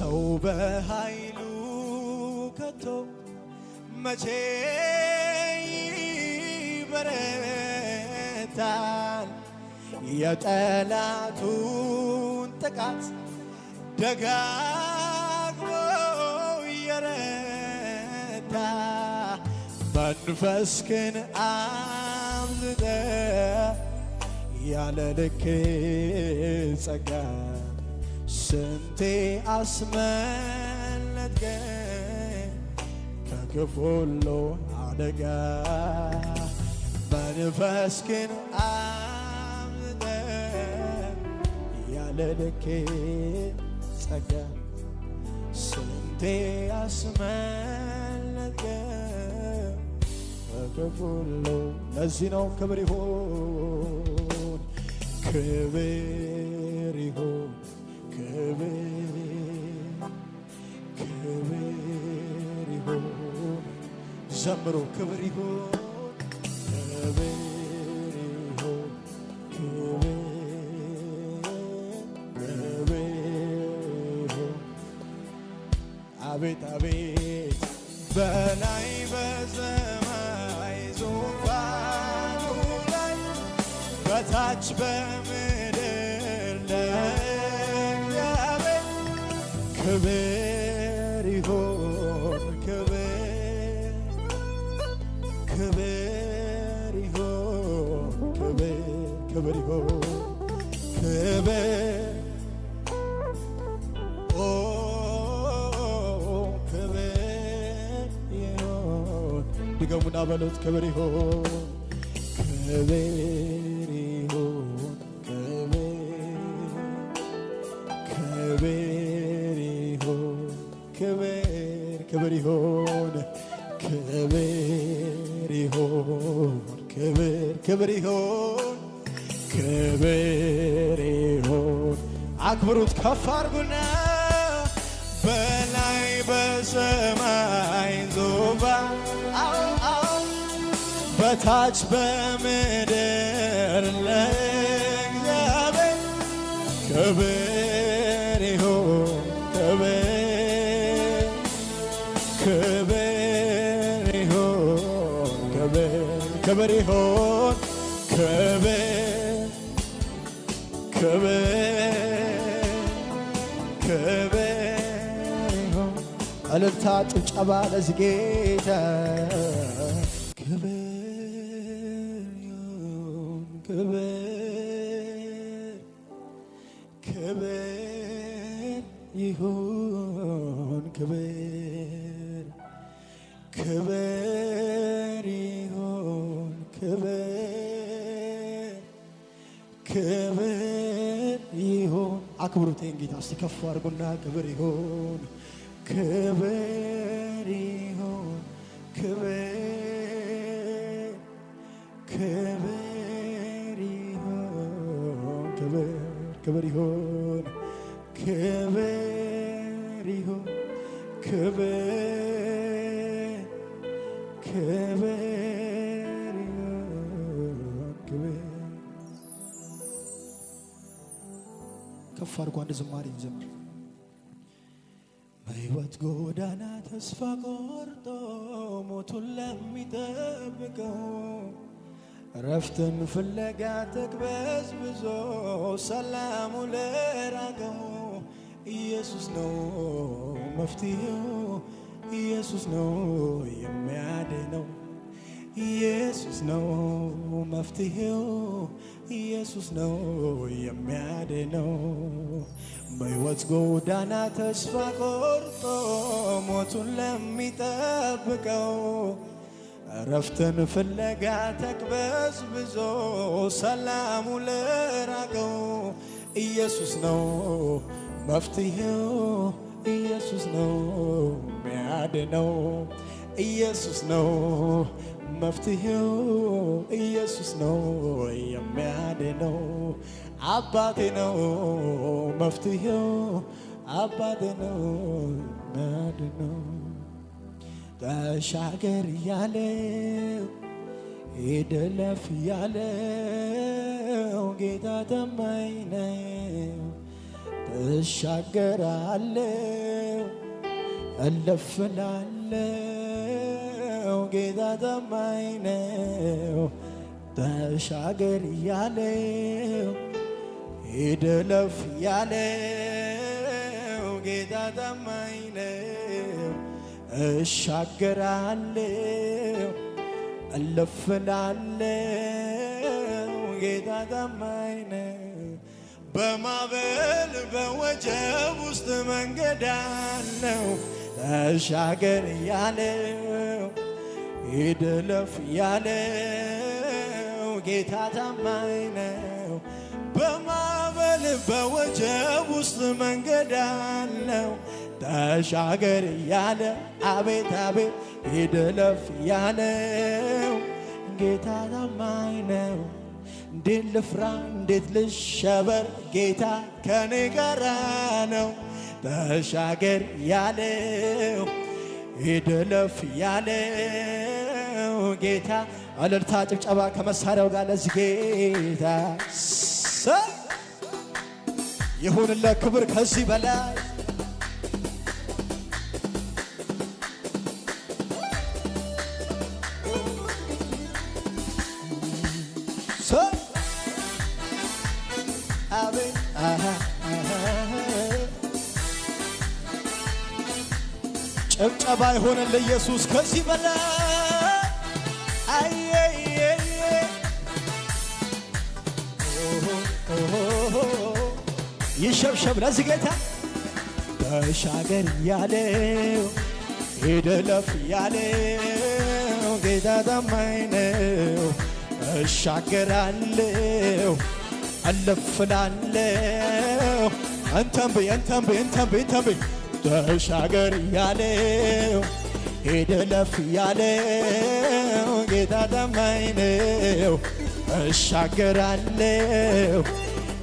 ሰው በኃይሉ ከቶ መቼ ይበረታል? የጠላቱን ጥቃት ደጋግሞ የረታ መንፈስክን አብዝተ ያለ ልክ ጸጋ ስንቴ አስመለጥከኝ ከክፉ ሁሉ አደጋ በንፈስክን አብዝተህ ያለ ልኬ ጸጋ ስንቴ አስመለጥከኝ ከክፉ ሁሉ ለዚህ ነው ክብር ይሁን ክብር ይሁን ክብር ይሆን ዘምሮ ክብር ይሆን አቤት አቤት በላይ በሰማይ ዙፋኑ ላይ በታች ክብር ይሆን ክብር ክብር ይሆን ክብር ክብር ይሆን ክብር ድገሙና በሉት ክብር ይሆን ክብር ይሁን ክብር ይሁን። አክብሩት ከፍ አርጉና በላይ በሰማይ ዙፋን በታች በምድር ለእግዚአብሔር ክብር ይሁን ክብር ይሁን ክብር ይሁን ክብር ክብር ክብር እልልታ ጭብጨባ ለዚህ ጌታ አክብሩቴን ጌታ እስቲ ከፍ አድርጉና ክብር ይሁን ክብር ይሁን ክብር ይሁን ክብር ይሁን ክብር ክብር አድርጎ አንድ ዝማሬ እንዘምር። በሕይወት ጎዳና ተስፋ ቆርጦ ሞቱን ለሚጠብቀው ረፍትን ፍለጋ ብዞ ሰላሙ ለራቀው ኢየሱስ ነው መፍትሄው፣ ኢየሱስ ነው የሚያድነው። ኢየሱስ ነው መፍትሄው፣ ኢየሱስ ነው የሚያድነው። በሕይወት ጎዳና ተስፋ ቆርጦ ሞቱን ለሚጠብቀው እረፍትን ፍለጋ ተቅበዝብዞ ሰላሙ ለራቀው ኢየሱስ ነው መፍትሄው፣ ኢየሱስ ነው የሚያድነው፣ ኢየሱስ ነው መፍትሄው ኢየሱስ ነው የሚያድነው አባቴ ነው መፍትሄው አባቴ ነው የሚያድነው ተሻገር እያለ ሂደለፍ እያለው ጌታ ታማኝ ነው ተሻገራለው እለፍላለው ጌታ ታማኝ ነው። ተሻገር እያለው ሂደለፍ እያለው ጌታ ታማኝ ነው። እሻገራለው እለፍላለው ጌታ ታማኝ ነው። በማዕበል በወጀብ ውስጥ መንገድ አለው ተሻገር እያለው ይደለፍ ያለው ጌታ ታማኝ ነው። በማዕበል በወጀብ ውስጥ መንገድ አለው። ተሻገር ያለ አቤት አቤት ይደለፍ ያለው ጌታ ታማኝ ነው። እንዴት ልፍራ እንዴት ልሸበር ጌታ ከኔ ጋራ ነው። ተሻገር ያለው ይደለፍ ያለው ጌታ እልልታ ጭብጨባ ከመሳሪያው ጋር ለዚህ ጌታ ይሁን ለክብር ከዚህ በላይ ጭብጨባ ይሆንልህ ኢየሱስ ከዚህ በላይ ይሸብሸብ ለዚህ ጌታ ተሻገር ያለው ሂድ ለፍ ያለው ጌታ ታማኝ ነው። እሻገራለው አለፍላለው እንተንብ እንተንብ እንተንብ እንተንብ ተሻገር ያለው ሂድ ለፍ ያለው ጌታ ታማኝ ነው። እሻገራለሁ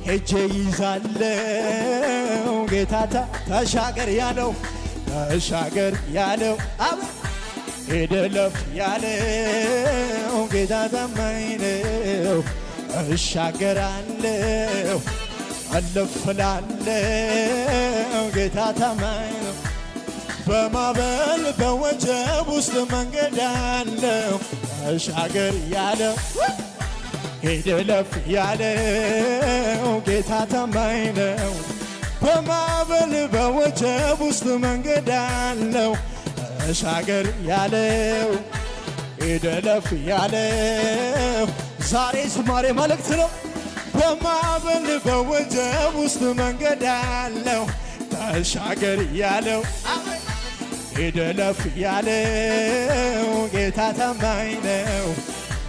ሄጄ ይዛለው ጌታ ተሻገር ያለው ተሻገር ያለው አብ ሄደለፍ ያለው ጌታ ታማኝ ነው። አለፍላለው ጌታ ታማኝ ነው። በማበል በወጀብ ውስጥ መንገድ አለው ተሻገር ያለ ሂድ ለፍ ያለው ጌታ ታማኝ ነው። በማዕበል በወጀብ ውስጥ መንገድ አለው። ተሻገር ያለው ሂድ ለፍ ያለው ዛሬ ዝማሬ መልእክት ነው። በማዕበል በወጀብ ውስጥ መንገድ አለው። ተሻገር ያለው ሂደለፍ ያለው ጌታ ታማኝ ነው።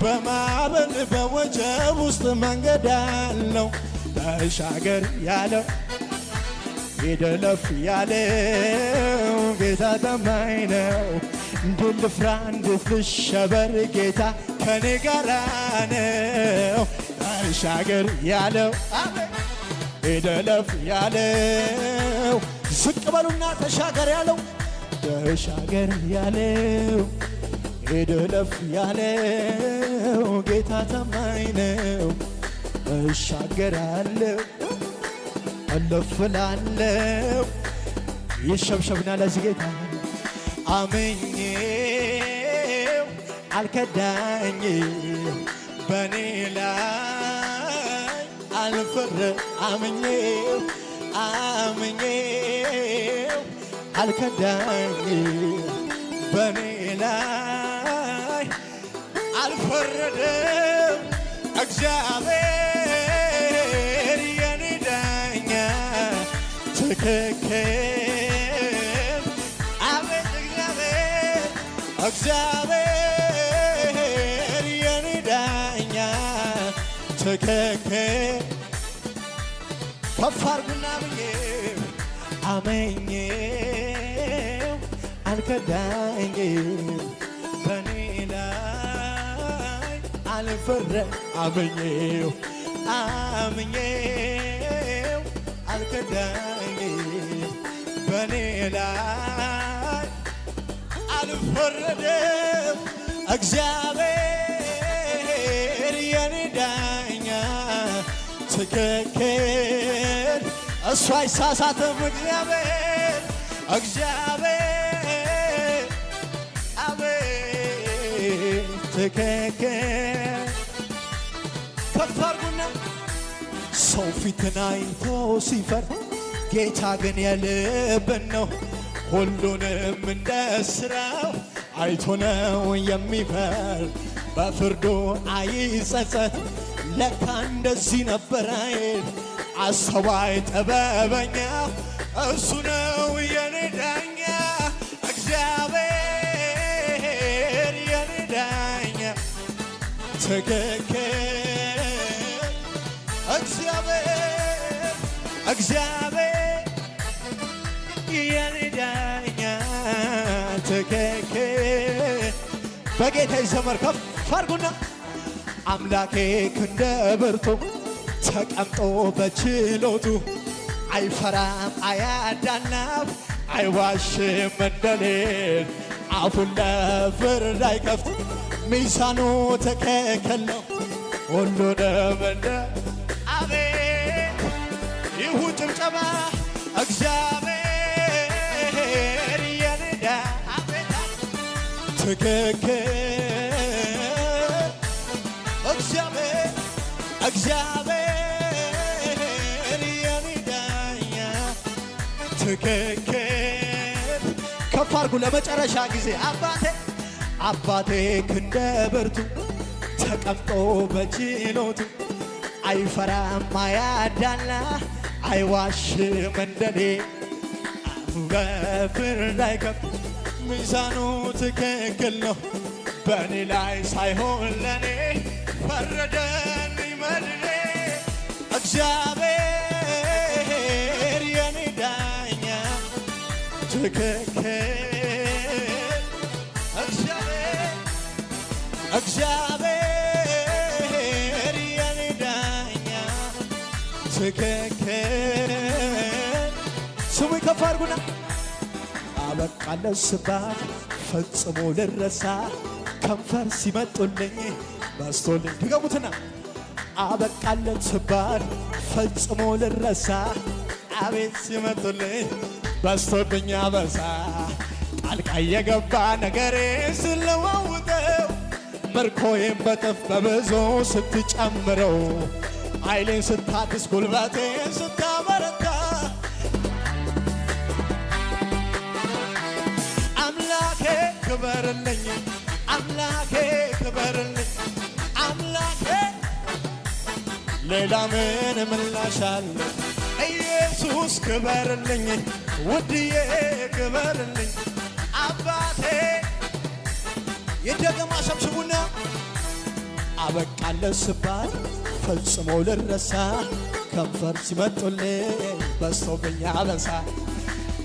በማዕበል በወጀብ ውስጥ መንገድ አለው ተሻገር ያለው ሂደለፍ ያለው ጌታ ታማኝ ነው። ድል ልፍራ እንድል ልሸበር ጌታ ከኔ ጋራ ነው። ተሻገር ያለው ሂደለፍ ያለው ዝቅ በሉና ተሻገር ያለው ተሻገር ያለው ሄደ ለፍ ያለው ጌታ ታማኝ ነው። እሻገር አለው ይሸብሸብና ለዚህ ጌታ አምኜው አልከዳኝ በኔ ላይ አልፈረ አምኜው አምኜው አልከዳኝ በኔ ላይ አልፈረደም እግዚአብሔር የኔ ዳኛ ትክክል አቤት እግዚአብሔር እግዚአብሔር የኔ ዳኛ ትክክል ከፍ አርጉና ብዬ አመኘው አልከዳኝም በኔ ላይ አልፈረም አመኘው አመኘው አልከዳኝም በኔ ላይ አልፈረደም እግዚአብሔር የኔ ዳኛ ትክክል እሱ አይሳሳትም። እግዚአብሔር እግዚአብሔር አቤት ሰው ፊትን አይቶ ሲፈር ጌታ ግን የልብን ነው ሁሉንም እንደ ስራው አይቶ ነው የሚፈር በፍርዱ አይጸጸት ለካ እንደዚህ ነበረ አስተዋይ ጠበበኛ እሱ ነው የኔ ዳኛ እግዚአብሔር የኔ ዳኛ ትክክል እግዚአብሔር እግዚአብሔር የኔ ዳኛ ትክክል በጌታ ይዘመር ከፍ አድርጉና አምላኬ ክንደ ብርቱ ተቀምጦ በችሎቱ አይፈራም አያዳናም አይዋሽም እንደሌል አፉን ለፍርድ አይከፍት ሚዛኑ ነው ሁሉንም እንደ አቤት ይሁን ጭብጨባ እግዚአብሔር የንዳ ትክክል እግዚአብሔር እግዚአብሔር ምክክር ከፍ አድርጉ ለመጨረሻ ጊዜ አባቴ አባቴ ክንደ ብርቱ ተቀምጦ በችሎቱ አይፈራም አያዳላ አይዋሽም እንደኔ በፍርድ አይከብድም ሚዛኑ ትክክል ነው በእኔ ላይ ሳይሆን ለኔ ፈረደን ይመድኔ እግዚአብሔር ትክክል እግዚአብሔር የኔ ዳኛ ትክክል ስሙ ከፍ አድርጉና አበቃለት ስባል ፈጽሞ ልረሳ ከንፈር ሲመጡልኝ በስቶልኝ ድገሙትና አበቃለት ስባል ፈጽሞ ልረሳ አቤት ሲመጡልኝ በስቶብኛ በሳ ጣልቃ የገባ ነገሬ ስለዋውጠው ምርኮዬን በጥፍ በብዙ ስትጨምረው ኃይሌን ስታድስ ጉልበቴን ስታበረታ አምላኬ ክበርልኝ አምላኬ ክበርልኝ አምላኬ ሌላ ምን ምላሻለ ኢየሱስ ክበርልኝ ውድዬ ክበርልኝ አባቴ የደገማ ሰብስቡና አበቃለ ስባል ፈጽሞ ልረሳ ከንፈር ሲመጡልኝ በዝቶብኝ አበሳ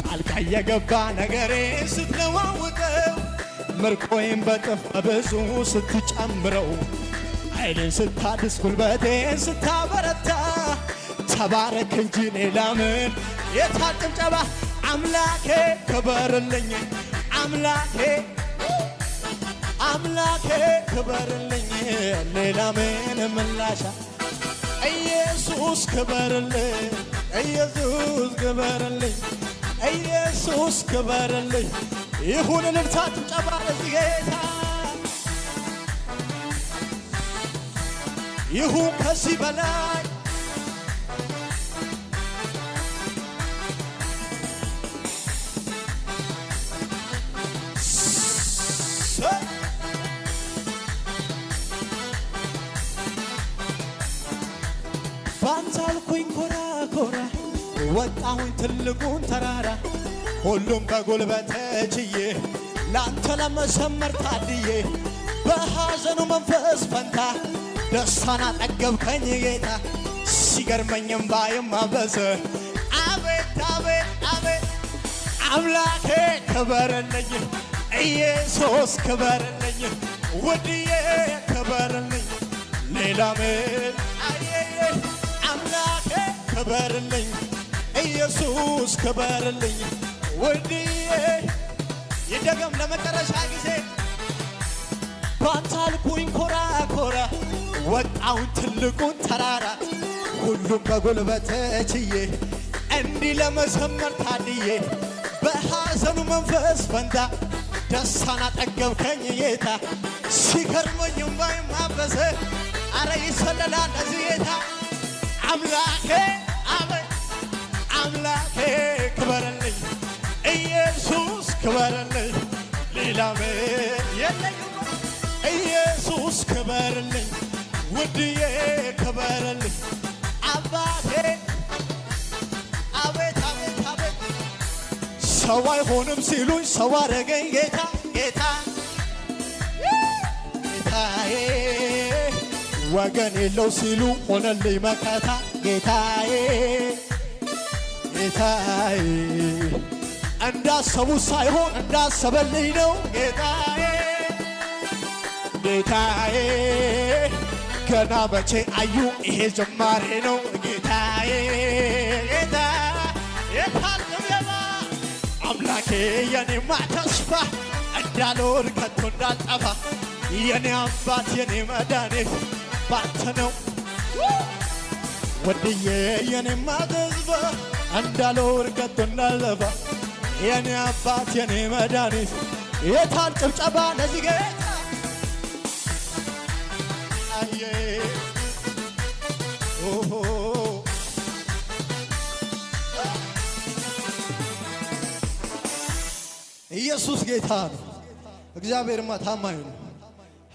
ጣልቃ የገባ ነገሬ ስትለዋውጠው ምርኮይም በጥፍ በብዙ ስትጨምረው ኃይሌን ስታድስ ጉልበቴን ስታበረ ተባረክ እንጂ ሌላምን የታ ጭብጨባ አምላኬ ክበርልኝ አምላኬ አምላኬ ክበርልኝ ሌላምን ምላሻ ኢየሱስ ክበርልኝ ኢየሱስ ክበርልኝ ኢየሱስ ክበርልኝ ይሁን ልብታ ጭብጨባ ለዚህ ጌታ ይሁን ከዚህ በላይ ተራራውን ትልቁን ተራራ ሁሉም በጉልበት ችዬ ላንተ ለመሰመር ታድዬ በሐዘኑ መንፈስ ፈንታ ደስታን አጠገብከኝ ጌታ ሲገርመኝም ባይም አበሰ አቤት አቤት አቤት አምላኬ ክበርልኝ ኢየሱስ ክበርልኝ ውድዬ ክበርልኝ ሌላ ምን አየየ አምላኬ ክበርልኝ ኢየሱስ ክበርልኝ ውድዬ ይደገም ለመጨረሻ ጊዜ ባንተ አልኩኝ ኮራ ኮራ ወጣውን ትልቁን ተራራ ሁሉም በጉልበት ችዬ እንዲህ ለመዘመር ታድዬ በሐዘኑ መንፈስ ፈንታ ደስታን አጠገብከኝ ጌታ ሲገርመኝ እምባዬ ማበሰ አረ ይሰለላል ለዚህ ጌታ አምላኬ ክበረልኝ ኢየሱስ ክበረልኝ ሌላ ምን የለኝ ኢየሱስ ክበርልኝ ውድዬ ክበርልኝ አባቴ አቤት አቤት አቤት ሰው አይሆንም ሲሉኝ ሰው አደረገኝ ጌታ ጌታ ጌታዬ ወገን የለው ሲሉ ሆነልኝ መከታ ጌታዬ ጌታዬ እንዳሰቡ ሳይሆን እንዳሰበልኝ ነው ጌታዬ ጌታዬ ገና መቼ አዩ ይሄ ዝማሬ ነው ጌታዬ ጌታ የታልገባ አምላኬ የኔማ ተስፋ እንዳልወድ ከቶ እንዳልጠፋ የኔ አባት የኔ መድኃኒት ባንተ ነው ወድዬ የኔማ ተስፋ እንዳለው እርቀቱ እንዳልጠፋ የኔ አባት የኔ መድኃኒት የታል ጭብጨባ ለዚህ ጌታ አየ ኢየሱስ ጌታ ነው። እግዚአብሔርማ ታማኝ ነው።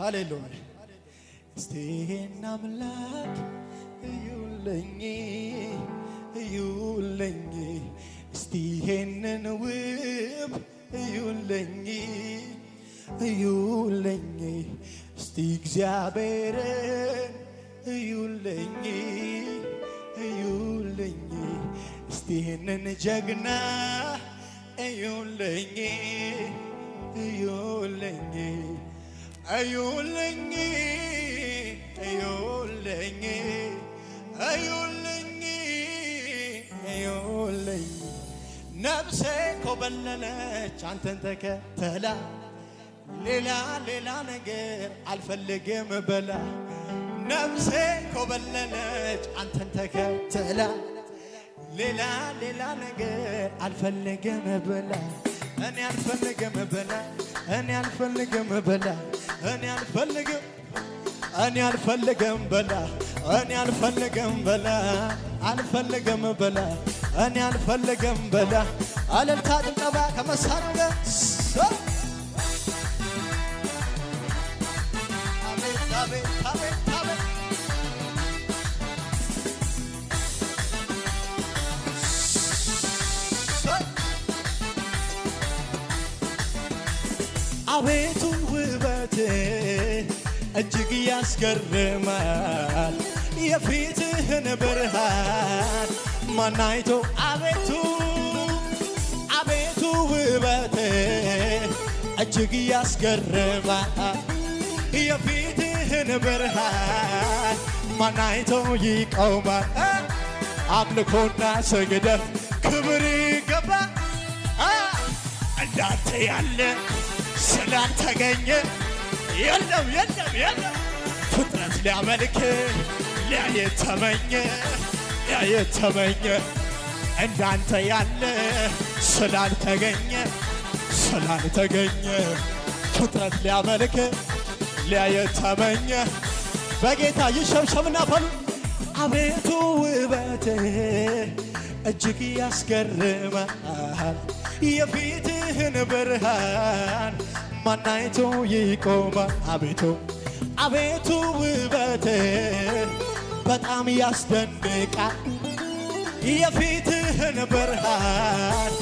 ሃሌሉያ እስቲ ይሄን አምላክ እዩልኝ እዩልኝ እስቲ ይሄንን ውብ እዩልኝ እዩልኝ እስቲ እግዚአብሔርን እዩልኝ እዩልኝ እስቲ ይሄንን ጀግና እዩልኝ እዩልኝ እዩልኝ እዩልኝ እዩልኝ ነፍሴ ኮበለለች አንተን ተከተላ ሌላ ሌላ ነገር አልፈልግም በላ ነፍሴ ኮበለለች አንተን ተከተላ ሌላ ሌላ ነገር አልፈልግም በላ እኔ አልፈልግም በላ እኔ አልፈልግም በላ እኔ አልፈልግም እኔ አልፈልግም በላ እኔ አልፈልግም በላ አልፈልግም በላ እኔ አልፈልግም በላ አለልታ ጭብጨባ ከመሳሪያው ጋር አቤቱ ውበቴ እጅግ ያስገርማል የፊትህን ብርሃን ማናይቶ አቤቱ አቤቱ ውበት እጅግ ያስገርማል። የፊትህን ብርሃን ማናይቶ ይቆማል። አምልኮና ስግደት ክብር ይገባ እንዳንተ ያለ ስላልተገኘ የለም የለም የለም ፍጥረት ሊያመልክ ሊያየት ተመኘ ሊያየት ተመኘ እንዳንተ ያለ ስላልተገኘ ስላልተገኘ ፍጥረት ሊያመልክ ሊያየት ተመኘ በጌታ ይሸብሸብና በሉ አቤቱ ውበት እጅግ ያስገርማል የፊትህን ብርሃን ማናይቶ ይቆማል አቤቱ አቤቱ ውበት በጣም ያስደንቃል። የፊትህን ብርሃን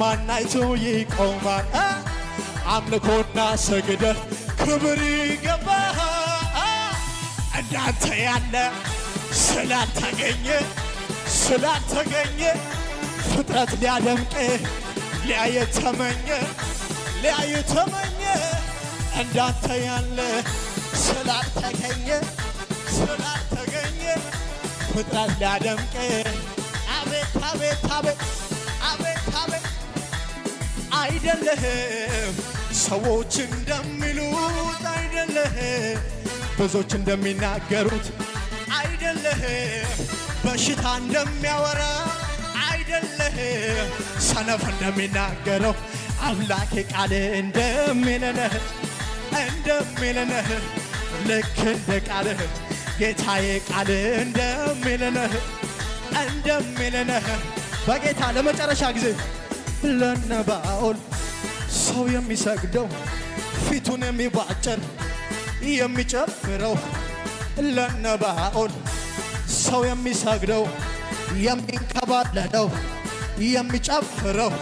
ማናይቱ ይቆማል። አምልኮና ሰግደህ ክብር ይገባህ። እንዳንተ ያለ ስላልተገኘ ስላልተገኘ ፍጥረት ሊያደምቅ ሊያየተመኘ ሊያየተመኘ እንዳንተ ያለ ስላልተገኘ ስላልተገኘ ፍጥረት ሊያደምቅ አቤት አቤት አቤት አቤት አቤት አይደለህም ሰዎች እንደሚሉት አይደለህም ብዙዎች እንደሚናገሩት አይደለህም በሽታ እንደሚያወራ አይደለህም ሰነፍ እንደሚናገረው አምላኬ ቃል እንደሚለነህ እንደሚለነህ ልክ እንደ ቃልህ ጌታዬ ቃልህ እንደሚልነህ እንደሚልነህ በጌታ ለመጨረሻ ጊዜ ለነባኦል ሰው የሚሰግደው ፊቱን የሚቧጭር የሚጨፍረው ለነባኦል ሰው የሚሰግደው የሚንከባለለው የሚጨፍረው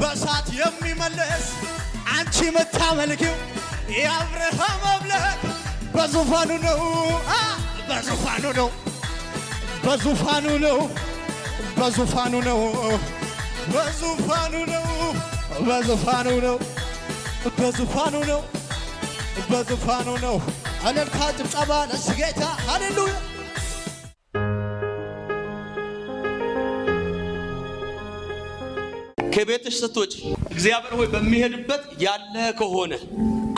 በሳት የሚመለስ አንቺ የምታመልኪው የአብርሃም አምላክ በዙፋኑ ነው በዙፋኑ ነው በዙፋኑ ነው በዙፋኑ ነው በዙፋኑ ነው በዙፋኑ ነው በዙፋኑ ነው በዙፋኑ ነው። እልልታ ጭብጨባ ለሱ ጌታ ሃሌሉያ ከቤትሽ ስትወጪ እግዚአብሔር ሆይ በሚሄድበት ያለ ከሆነ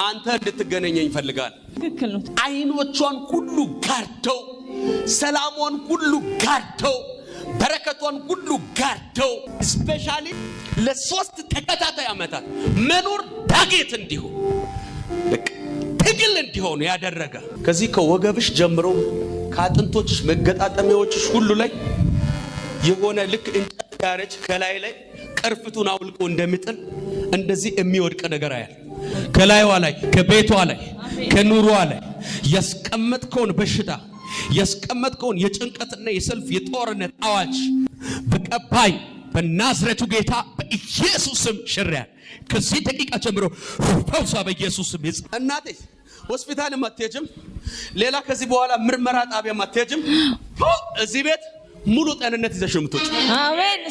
አንተ እንድትገናኘኝ ይፈልጋል። ትክክል ነው። አይኖቿን ሁሉ ጋርደው፣ ሰላሟን ሁሉ ጋርደው፣ በረከቷን ሁሉ ጋርደው ስፔሻሊ ለሶስት ተከታታይ ዓመታት መኖር ዳጌት እንዲሆን ትግል እንዲሆኑ ያደረገ ከዚህ ከወገብሽ ጀምሮ ከአጥንቶችሽ መገጣጠሚያዎችሽ ሁሉ ላይ የሆነ ልክ እንጨት ጋረች ከላይ ላይ ቅርፍቱን አውልቆ እንደሚጥል እንደዚህ የሚወድቅ ነገር አያል ከላይዋ ላይ ከቤቷ ላይ ከኑሯ ላይ ያስቀመጥከውን በሽታ ያስቀመጥከውን የጭንቀትና የሰልፍ የጦርነት አዋጅ በቀባይ በናዝረቱ ጌታ በኢየሱስም ሽሪያን ከዚህ ደቂቃ ጀምሮ ፈውሳ በኢየሱስም ይጽ እናቴ ሆስፒታልም ሌላ ከዚህ በኋላ ምርመራ ጣቢያም አትሄጂም። እዚህ ቤት ሙሉ ጤንነት ይዘሽ ነው የምትወጪው። አሜን።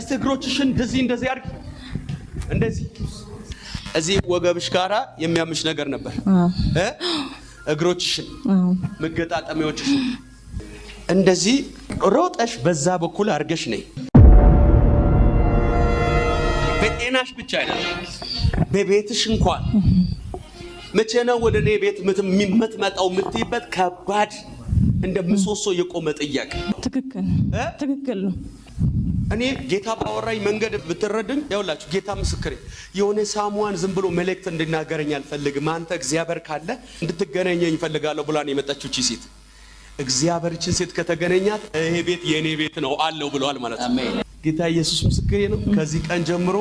እስቲ እግሮችሽን እንደዚህ እንደዚህ አድርጊ እንደዚህ እዚህ ወገብሽ ጋራ የሚያምሽ ነገር ነበር። እግሮችሽን፣ መገጣጠሚያዎችሽን እንደዚህ ሮጠሽ በዛ በኩል አድርገሽ ነይ። በጤናሽ ብቻ አይደለም በቤትሽ እንኳን መቼ ነው ወደ እኔ ቤት የምትመጣው የምትይበት ከባድ እንደ ምሰሶ የቆመ ጥያቄ። ትክክል ትክክል ነው። እኔ ጌታ ባወራኝ መንገድ ብትረድኝ ያውላችሁ ጌታ ምስክሬ የሆነ ሳሙዋን ዝም ብሎ መልእክት እንድናገረኝ አልፈልግም። አንተ እግዚአብሔር ካለ እንድትገናኘኝ እፈልጋለሁ ብሏን የመጣችው ቺ ሴት እግዚአብሔርችን ሴት ከተገናኛት ይሄ ቤት የእኔ ቤት ነው አለው ብለዋል ማለት ነው። ጌታ ኢየሱስ ምስክሬ ነው። ከዚህ ቀን ጀምሮ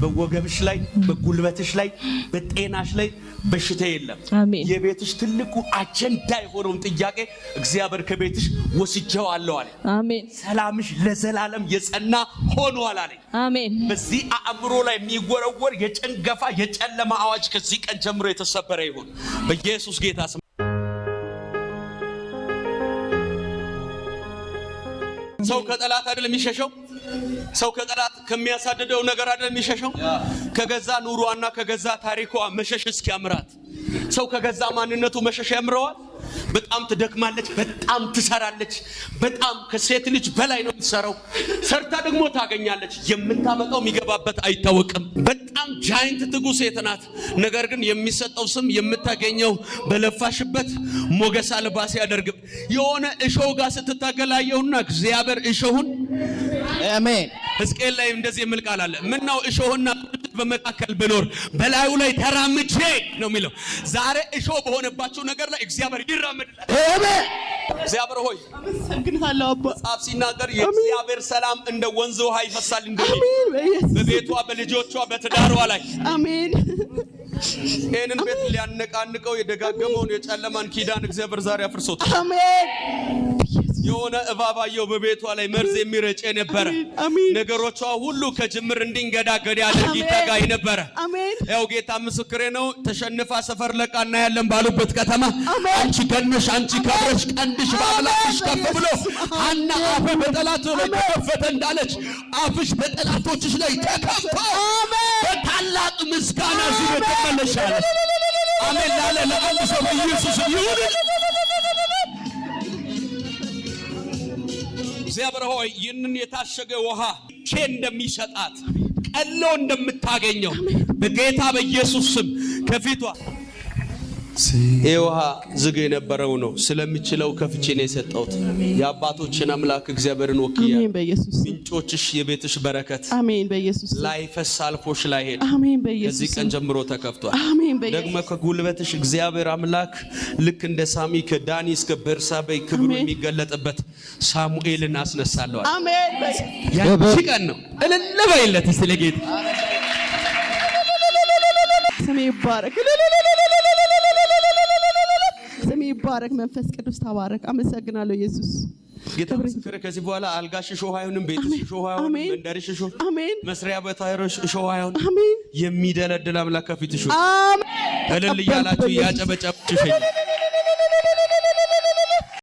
በወገብሽ ላይ፣ በጉልበትሽ ላይ፣ በጤናሽ ላይ በሽታ የለም። የቤትሽ ትልቁ አጀንዳ የሆነውን ጥያቄ እግዚአብሔር ከቤትሽ ወስጀው አለው አለ። አሜን። ሰላምሽ ለዘላለም የጸና ሆኗል አለ። አሜን። በዚህ አእምሮ ላይ የሚወረወር የጭንገፋ የጨለማ አዋጅ ከዚህ ቀን ጀምሮ የተሰበረ ይሁን በኢየሱስ ጌታ ሰው ከጠላት አይደል የሚሸሸው? ሰው ከጠላት ከሚያሳድደው ነገር አይደል የሚሸሸው? ከገዛ ኑሯና ከገዛ ታሪኳ መሸሽ እስኪያምራት ሰው ከገዛ ማንነቱ መሸሽ ያምረዋል። በጣም ትደክማለች፣ በጣም ትሰራለች። በጣም ከሴት ልጅ በላይ ነው የምትሰራው። ሰርታ ደግሞ ታገኛለች። የምታመጣው የሚገባበት አይታወቅም። በጣም ጃይንት ትጉ ሴት ናት። ነገር ግን የሚሰጠው ስም የምታገኘው በለፋሽበት ሞገስ አልባ ሲያደርግም የሆነ እሾው ጋር ስትታገላየውና እግዚአብሔር እሾሁን አሜን። ሕዝቅኤል ላይ እንደዚህ የሚል ቃል አለ። ምን ነው እሾሁና በመካከል ብኖር በላዩ ላይ ተራምጄ ነው የሚለው። ዛሬ እሾ በሆነባቸው ነገር ላይ እግዚአብሔር ይራመድላል። እግዚአብሔር ሆይ አመሰግናለሁ። አባ ጻፍ ሲናገር የእግዚአብሔር ሰላም እንደ ወንዝ ውሃ ይፈሳል እንደሚል በቤቷ በልጆቿ በትዳሯ ላይ አሜን። ይህንን ቤት ሊያነቃንቀው የደጋገመውን የጨለማን ኪዳን እግዚአብሔር ዛሬ አፍርሶታል። አሜን። የሆነ እባባየው በቤቷ ላይ መርዝ የሚረጭ የነበረ ነገሮቿ ሁሉ ከጅምር እንዲንገዳገድ ያደርግ ይተጋ የነበረ ያው ጌታ ምስክሬ ነው። ተሸንፋ ሰፈር ለቃ እናያለን ባሉበት ከተማ አንቺ ገነሽ፣ አንቺ ከብረሽ፣ ቀንድሽ በአምላክሽ ከፍ ብሎ አና አፍ በጠላት ላይ ተከፈተ እንዳለች አፍሽ በጠላቶችሽ ላይ ተከፍቶ በታላቅ ምስጋና ዚህ ተመለሻለ። አሜን ላለ ለአንድ ሰው ኢየሱስ ይሁን እግዚአብሔር ሆይ ይህንን የታሸገ ውሃ ቼ እንደሚሰጣት ቀሎ እንደምታገኘው በጌታ በኢየሱስ ስም ከፊቷ ይህ ውሃ ዝግ የነበረው ነው። ስለምችለው ከፍቼ ነው የአባቶችን አምላክ እግዚአብሔርን ወክያ ምንጮችሽ የቤትሽ በረከት ላይ ፈስ ላይ ሄድ ቀን ጀምሮ ተከፍቷል። ደግሞ ከጉልበትሽ እግዚአብሔር አምላክ ልክ እንደ ሳሚ ከዳኒ እስከ ቤርሳቤ ክብሩ የሚገለጥበት ሳሙኤልን አስነሳለዋል። ያቺ ቀን ነው። እልል በይለት ስሜ ይባረክ። ይባረክ። መንፈስ ቅዱስ ተባረክ። አመሰግናለሁ ኢየሱስ። ጌታ ምስክር። ከዚህ በኋላ አልጋሽ ሾህ አይሆንም፣ ቤትሽ ሾህ አይሆንም፣ መንደርሽ ሾህ አሜን፣ መስሪያ ቦታሽ ሾህ አይሆንም። አሜን። የሚደለድል አምላክ ከፊትሽ አሜን። እልል እያላችሁ ያጨበጨባችሁ